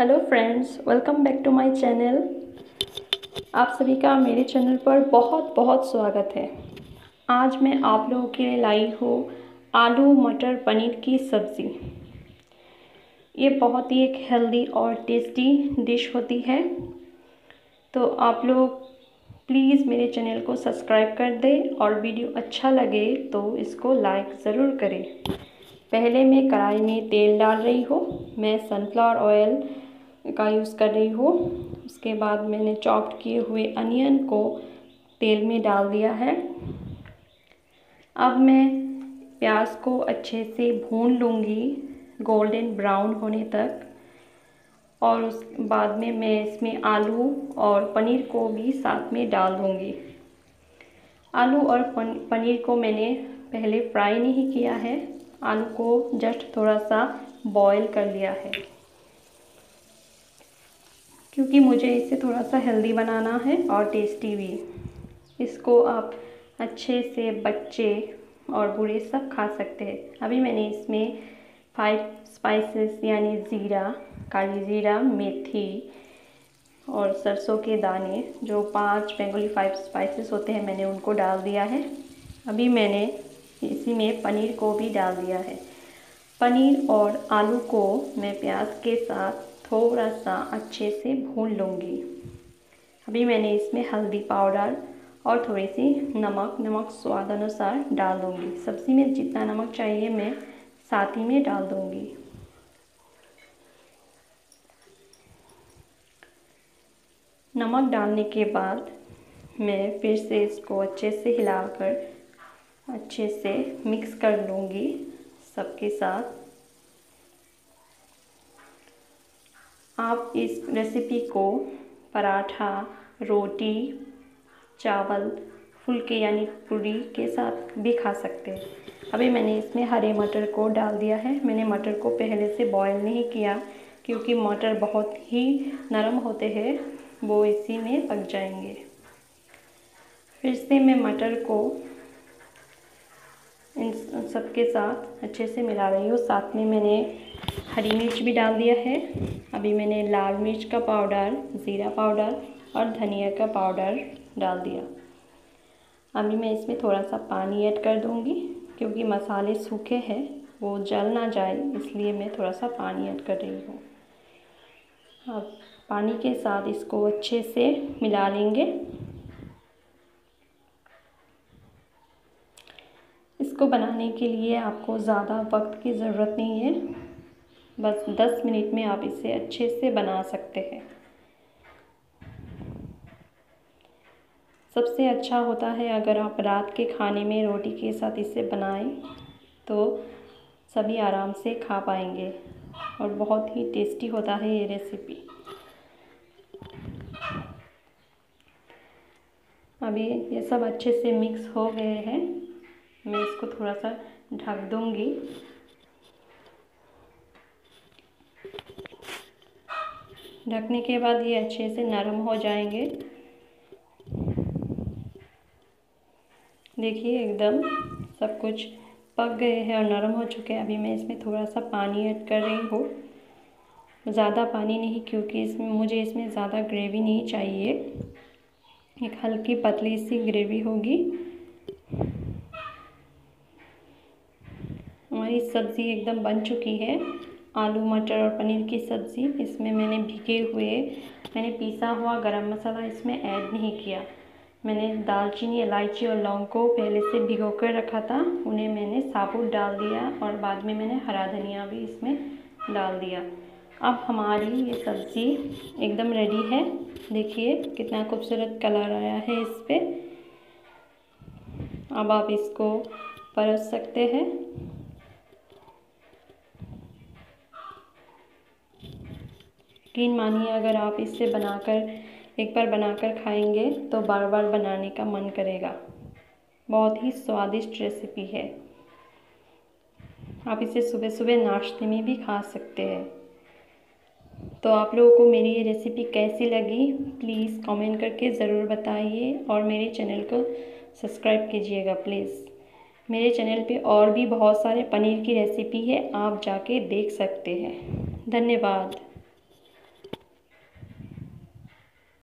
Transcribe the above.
hello friends welcome back to my channel आप सभी का मेरे चैनल पर बहुत बहुत स्वागत है आज मैं आप लोगों के लिए लाई हूँ आलू मटर पनीर की सब्ज़ी ये बहुत ही एक हेल्दी और टेस्टी डिश होती है तो आप लोग प्लीज़ मेरे चैनल को सब्सक्राइब कर दें और वीडियो अच्छा लगे तो इसको लाइक ज़रूर करें पहले मैं कढ़ाई में तेल डाल रही हूँ मैं सनफ्लावर ऑयल का यूज़ कर रही हूँ उसके बाद मैंने चॉप्ड किए हुए अनियन को तेल में डाल दिया है अब मैं प्याज को अच्छे से भून लूँगी गोल्डन ब्राउन होने तक और उस बाद में मैं इसमें आलू और पनीर को भी साथ में डाल दूँगी आलू और पन, पनीर को मैंने पहले फ्राई नहीं किया है आलू को जस्ट थोड़ा सा बॉईल कर लिया है क्योंकि मुझे इसे थोड़ा सा हेल्दी बनाना है और टेस्टी भी इसको आप अच्छे से बच्चे और बूढ़े सब खा सकते हैं अभी मैंने इसमें फाइव स्पाइसेस यानी ज़ीरा काली ज़ीरा मेथी और सरसों के दाने जो पांच बेंगोली फाइव स्पाइसेस होते हैं मैंने उनको डाल दिया है अभी मैंने इसी में पनीर को भी डाल दिया है पनीर और आलू को मैं प्याज के साथ थोड़ा सा अच्छे से भून लूँगी अभी मैंने इसमें हल्दी पाउडर और थोड़ी सी नमक नमक स्वाद अनुसार डाल दूँगी सब्ज़ी में जितना नमक चाहिए मैं साथ ही में डाल दूँगी नमक डालने के बाद मैं फिर से इसको अच्छे से हिलाकर अच्छे से मिक्स कर लूँगी सबके साथ आप इस रेसिपी को पराठा रोटी चावल फुलके यानी पूरी के साथ भी खा सकते हैं अभी मैंने इसमें हरे मटर को डाल दिया है मैंने मटर को पहले से बॉईल नहीं किया क्योंकि मटर बहुत ही नरम होते हैं वो इसी में पक जाएंगे फिर से मैं मटर को इन सबके साथ अच्छे से मिला रही हूँ साथ में मैंने हरी मिर्च भी डाल दिया है अभी मैंने लाल मिर्च का पाउडर ज़ीरा पाउडर और धनिया का पाउडर डाल दिया अभी मैं इसमें थोड़ा सा पानी ऐड कर दूँगी क्योंकि मसाले सूखे हैं वो जल ना जाए इसलिए मैं थोड़ा सा पानी ऐड कर रही हूँ अब पानी के साथ इसको अच्छे से मिला लेंगे इसको बनाने के लिए आपको ज़्यादा वक्त की ज़रूरत नहीं है बस दस मिनट में आप इसे अच्छे से बना सकते हैं सबसे अच्छा होता है अगर आप रात के खाने में रोटी के साथ इसे बनाएं तो सभी आराम से खा पाएंगे और बहुत ही टेस्टी होता है ये रेसिपी अभी ये सब अच्छे से मिक्स हो गए हैं मैं इसको थोड़ा सा ढक दूँगी ढकने के बाद ये अच्छे से नरम हो जाएंगे देखिए एकदम सब कुछ पक गए हैं और नरम हो चुके हैं अभी मैं इसमें थोड़ा सा पानी ऐड कर रही हूँ ज़्यादा पानी नहीं क्योंकि इसमें मुझे इसमें ज़्यादा ग्रेवी नहीं चाहिए एक हल्की पतली सी ग्रेवी होगी हमारी सब्ज़ी एकदम बन चुकी है आलू मटर और पनीर की सब्ज़ी इसमें मैंने भिगे हुए मैंने पीसा हुआ गरम मसाला इसमें ऐड नहीं किया मैंने दालचीनी इलायची और लौंग को पहले से भिगो कर रखा था उन्हें मैंने साबुत डाल दिया और बाद में मैंने हरा धनिया भी इसमें डाल दिया अब हमारी ये सब्ज़ी एकदम रेडी है देखिए कितना खूबसूरत कलर आया है इस पर अब आप इसको परोस सकते हैं यकीन मानिए अगर आप इसे बनाकर एक बार बनाकर खाएंगे तो बार बार बनाने का मन करेगा बहुत ही स्वादिष्ट रेसिपी है आप इसे सुबह सुबह नाश्ते में भी खा सकते हैं तो आप लोगों को मेरी ये रेसिपी कैसी लगी प्लीज़ कमेंट करके ज़रूर बताइए और मेरे चैनल को सब्सक्राइब कीजिएगा प्लीज़ मेरे चैनल पे और भी बहुत सारे पनीर की रेसिपी है आप जाके देख सकते हैं धन्यवाद